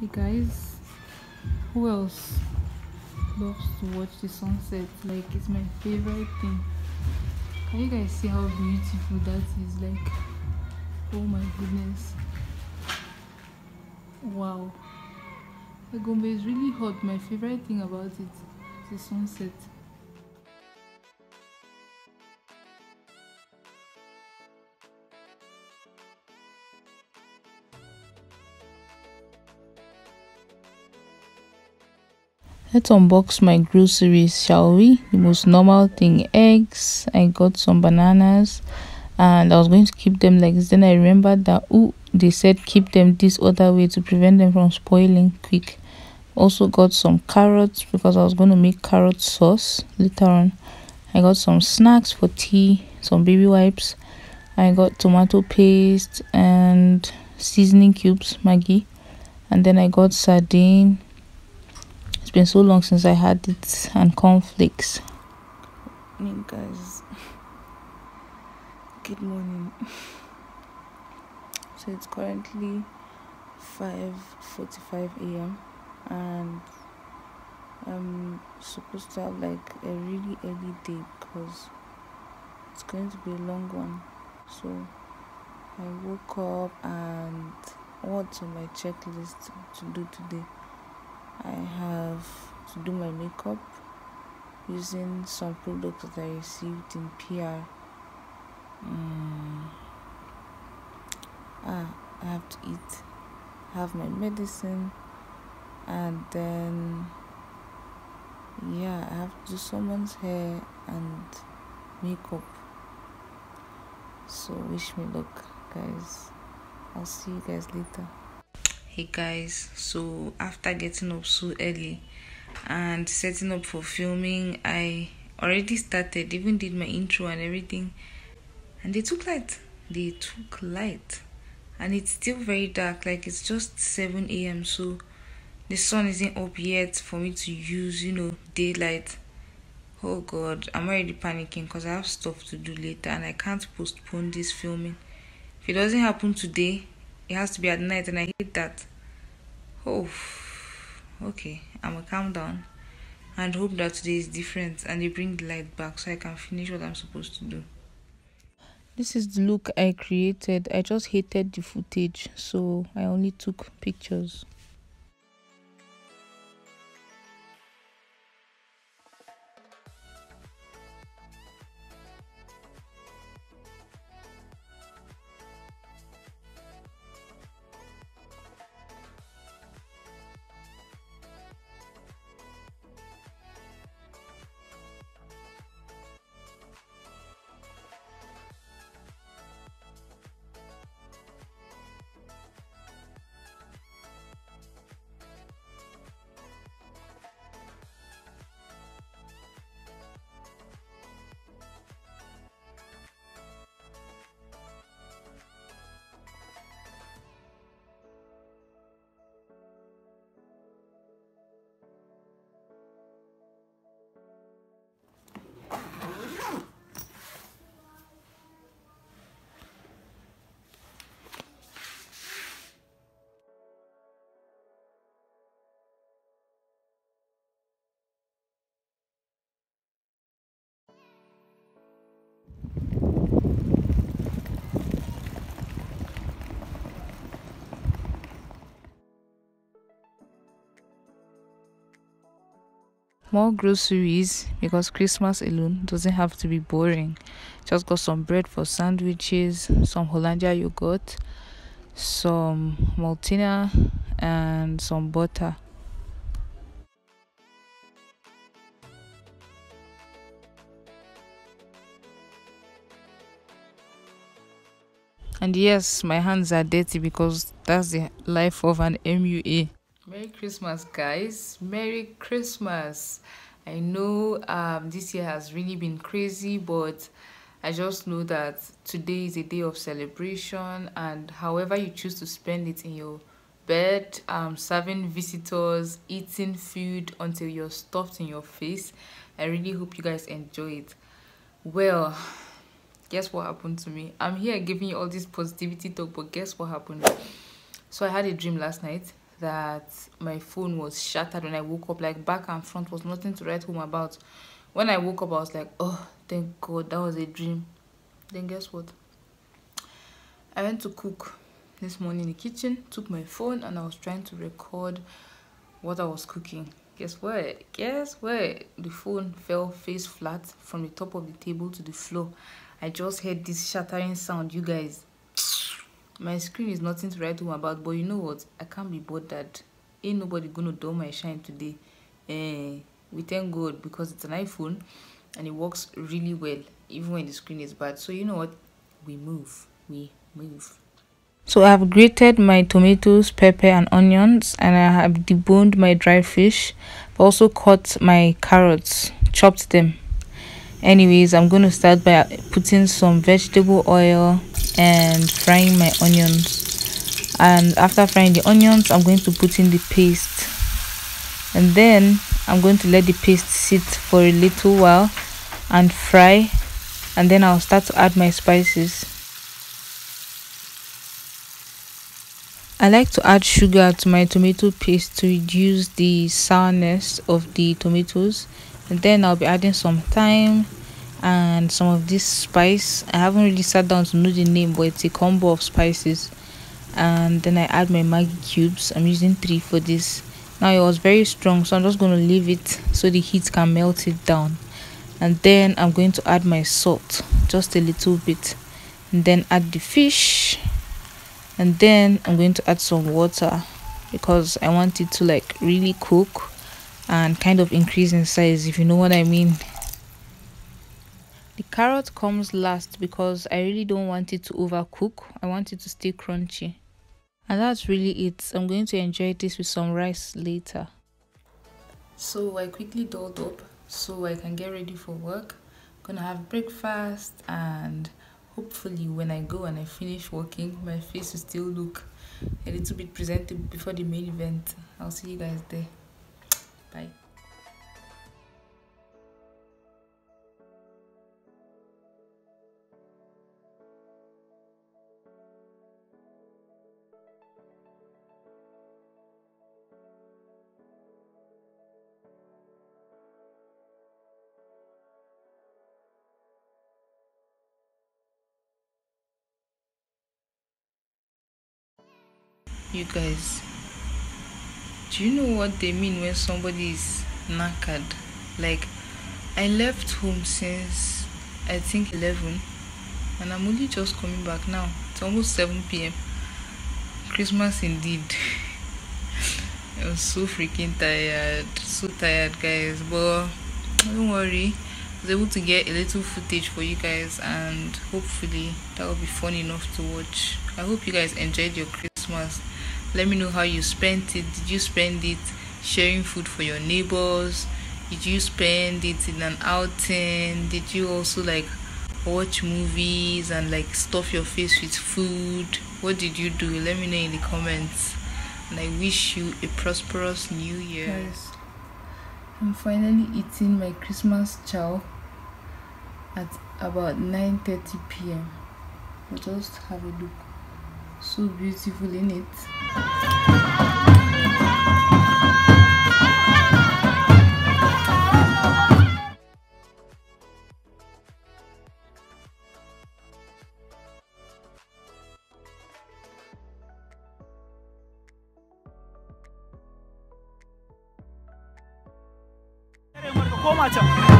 hey guys who else loves to watch the sunset like it's my favorite thing can you guys see how beautiful that is like oh my goodness wow Agombe is really hot my favorite thing about it is the sunset Let's unbox my groceries, shall we? The most normal thing, eggs. I got some bananas and I was going to keep them like this. Then I remembered that, oh, they said keep them this other way to prevent them from spoiling quick. Also got some carrots because I was going to make carrot sauce later on. I got some snacks for tea, some baby wipes. I got tomato paste and seasoning cubes, Maggie. And then I got sardine been so long since I had it and conflicts. guys, good morning. So it's currently 5:45 a.m. and I'm supposed to have like a really early day because it's going to be a long one. So I woke up and what's on my checklist to do today? I have do my makeup using some products that I received in PR. Mm. Ah, I have to eat, have my medicine, and then yeah, I have to do someone's hair and makeup. So wish me luck, guys. I'll see you guys later. Hey guys, so after getting up so early and setting up for filming. I already started, even did my intro and everything. And they took light. They took light. And it's still very dark, like it's just 7 a.m. So the sun isn't up yet for me to use, you know, daylight. Oh god, I'm already panicking because I have stuff to do later and I can't postpone this filming. If it doesn't happen today, it has to be at night and I hate that. Oh okay i'm gonna calm down and hope that today is different and they bring the light back so i can finish what i'm supposed to do this is the look i created i just hated the footage so i only took pictures more groceries because Christmas alone doesn't have to be boring. Just got some bread for sandwiches, some Hollandia yogurt, some Maltina, and some butter. And yes, my hands are dirty because that's the life of an MUA. Christmas, guys. Merry Christmas. I know um, this year has really been crazy, but I just know that today is a day of celebration, and however you choose to spend it in your bed, um, serving visitors, eating food until you're stuffed in your face, I really hope you guys enjoy it. Well, guess what happened to me? I'm here giving you all this positivity talk, but guess what happened? So I had a dream last night that my phone was shattered when I woke up. Like back and front was nothing to write home about. When I woke up, I was like, oh, thank God, that was a dream. Then guess what? I went to cook this morning in the kitchen, took my phone, and I was trying to record what I was cooking. Guess what? Guess what? The phone fell face flat from the top of the table to the floor. I just heard this shattering sound, you guys my screen is nothing to write home about but you know what i can't be bothered ain't nobody gonna dull my shine today eh we thank god because it's an iphone and it works really well even when the screen is bad so you know what we move we move so i have grated my tomatoes pepper and onions and i have deboned my dry fish but also cut my carrots chopped them anyways i'm going to start by putting some vegetable oil and frying my onions and after frying the onions i'm going to put in the paste and then i'm going to let the paste sit for a little while and fry and then i'll start to add my spices i like to add sugar to my tomato paste to reduce the sourness of the tomatoes and then i'll be adding some thyme and some of this spice i haven't really sat down to know the name but it's a combo of spices and then i add my maggi cubes i'm using three for this now it was very strong so i'm just going to leave it so the heat can melt it down and then i'm going to add my salt just a little bit and then add the fish and then i'm going to add some water because i want it to like really cook and kind of increase in size if you know what i mean the carrot comes last because I really don't want it to overcook. I want it to stay crunchy. And that's really it. I'm going to enjoy this with some rice later. So I quickly dolled up so I can get ready for work. I'm gonna have breakfast and hopefully when I go and I finish working, my face will still look a little bit presentable before the main event. I'll see you guys there. Bye. You guys, do you know what they mean when somebody is knackered? Like, I left home since I think 11 and I'm only just coming back now. It's almost 7 pm. Christmas indeed. I am so freaking tired, so tired, guys. But don't worry, I was able to get a little footage for you guys, and hopefully, that will be fun enough to watch. I hope you guys enjoyed your Christmas let me know how you spent it did you spend it sharing food for your neighbors did you spend it in an outing did you also like watch movies and like stuff your face with food what did you do let me know in the comments and i wish you a prosperous new year guys i'm finally eating my christmas chow at about 9 30 p.m just have a look so beautiful in it